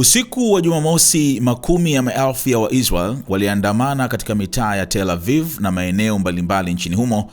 Usiku wa Jumamosi, makumi ya maelfu ya Waisrael waliandamana katika mitaa ya Tel Aviv na maeneo mbalimbali nchini humo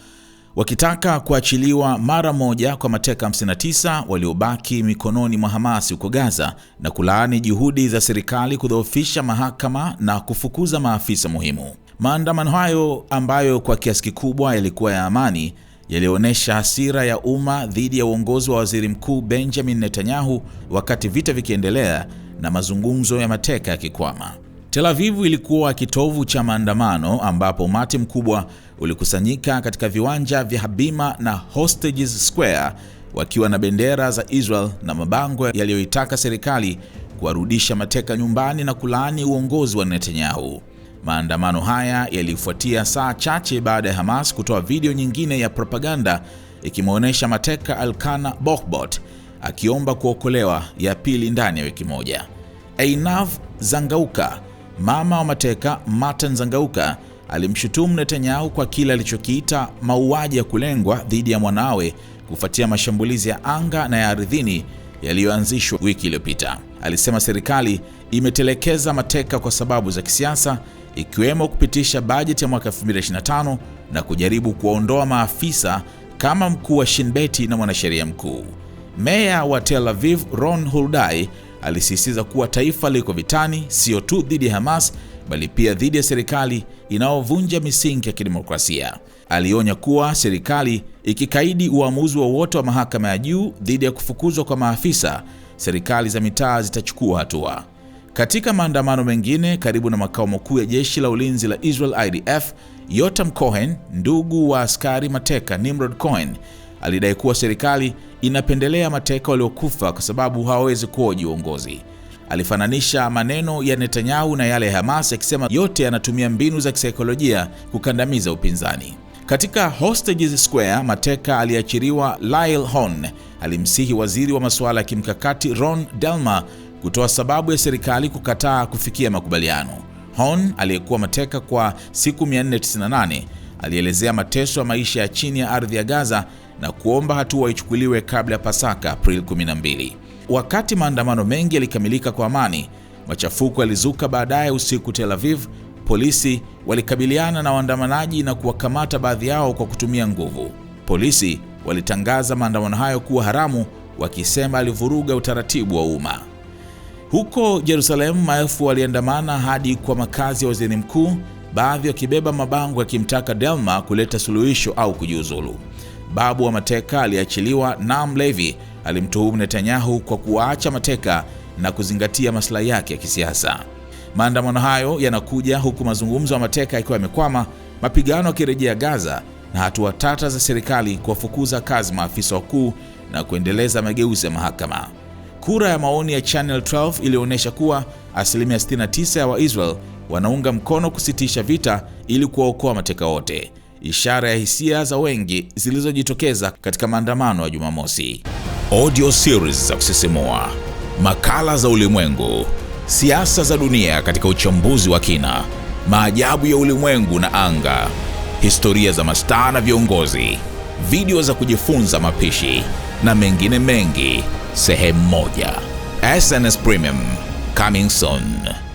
wakitaka kuachiliwa mara moja kwa mateka 59 waliobaki mikononi mwa Hamasi huko Gaza na kulaani juhudi za serikali kudhoofisha mahakama na kufukuza maafisa muhimu. Maandamano hayo ambayo kwa kiasi kikubwa yalikuwa ya amani yalionyesha hasira ya umma dhidi ya uongozi wa Waziri Mkuu Benjamin Netanyahu wakati vita vikiendelea na mazungumzo ya mateka yakikwama. Tel Aviv ilikuwa kitovu cha maandamano ambapo umati mkubwa ulikusanyika katika viwanja vya Habima na Hostages Square wakiwa na bendera za Israel na mabango yaliyoitaka serikali kuwarudisha mateka nyumbani na kulaani uongozi wa Netanyahu. Maandamano haya yalifuatia saa chache baada ya Hamas kutoa video nyingine ya propaganda ikimwonyesha mateka Alkana Bohbot akiomba kuokolewa, ya pili ndani ya wiki moja. Einav Zangauka, mama wa mateka Martin Zangauka, alimshutumu Netanyahu kwa kile alichokiita mauaji ya kulengwa dhidi ya mwanawe kufuatia mashambulizi ya anga na ya ardhini yaliyoanzishwa wiki iliyopita. Alisema serikali imetelekeza mateka kwa sababu za kisiasa, ikiwemo kupitisha bajeti ya mwaka 2025 na kujaribu kuwaondoa maafisa kama mkuu wa Shinbeti na mwanasheria mkuu. Meya wa Tel Aviv Ron Huldai alisisitiza kuwa taifa liko vitani sio tu dhidi ya Hamas bali pia dhidi ya serikali inayovunja misingi ya kidemokrasia. Alionya kuwa serikali ikikaidi uamuzi wowote wa, wa mahakama ya juu dhidi ya kufukuzwa kwa maafisa, serikali za mitaa zitachukua hatua. Katika maandamano mengine karibu na makao makuu ya jeshi la ulinzi la Israel IDF, Yotam Cohen, ndugu wa askari mateka Nimrod Cohen, alidai kuwa serikali inapendelea mateka waliokufa kwa sababu hawawezi kuoji uongozi. Alifananisha maneno ya Netanyahu na yale ya Hamas akisema yote yanatumia mbinu za kisaikolojia kukandamiza upinzani. Katika Hostages Square, mateka aliyeachiriwa Lyle Hon alimsihi waziri wa masuala ya kimkakati Ron Dalma kutoa sababu ya serikali kukataa kufikia makubaliano. Hon aliyekuwa mateka kwa siku 498 alielezea mateso ya maisha ya chini ya ardhi ya Gaza na kuomba hatua ichukuliwe kabla ya Pasaka Aprili 12. Wakati maandamano mengi yalikamilika kwa amani, machafuko yalizuka baadaye usiku Tel Aviv. Polisi walikabiliana na waandamanaji na kuwakamata baadhi yao kwa kutumia nguvu. Polisi walitangaza maandamano hayo kuwa haramu, wakisema alivuruga utaratibu wa umma. Huko Yerusalemu, maelfu waliandamana hadi kwa makazi ya waziri mkuu, baadhi wakibeba mabango yakimtaka delma kuleta suluhisho au kujiuzulu babu wa mateka aliyeachiliwa, Naam Levy alimtuhumu Netanyahu kwa kuwaacha mateka na kuzingatia maslahi yake ya kisiasa. Maandamano hayo yanakuja huku mazungumzo ya mateka yakiwa yamekwama, mapigano yakirejea Gaza na hatua tata za serikali kuwafukuza kazi maafisa wakuu na kuendeleza mageuzi ya mahakama. Kura ya maoni ya Channel 12 ilionyesha kuwa asilimia 69 ya Waisrael wanaunga mkono kusitisha vita ili kuwaokoa mateka wote ishara ya hisia za wengi zilizojitokeza katika maandamano ya Jumamosi. Audio series za kusisimua, makala za ulimwengu, siasa za dunia katika uchambuzi wa kina, maajabu ya ulimwengu na anga, historia za mastaa na viongozi, video za kujifunza mapishi na mengine mengi, sehemu moja. SNS Premium coming soon.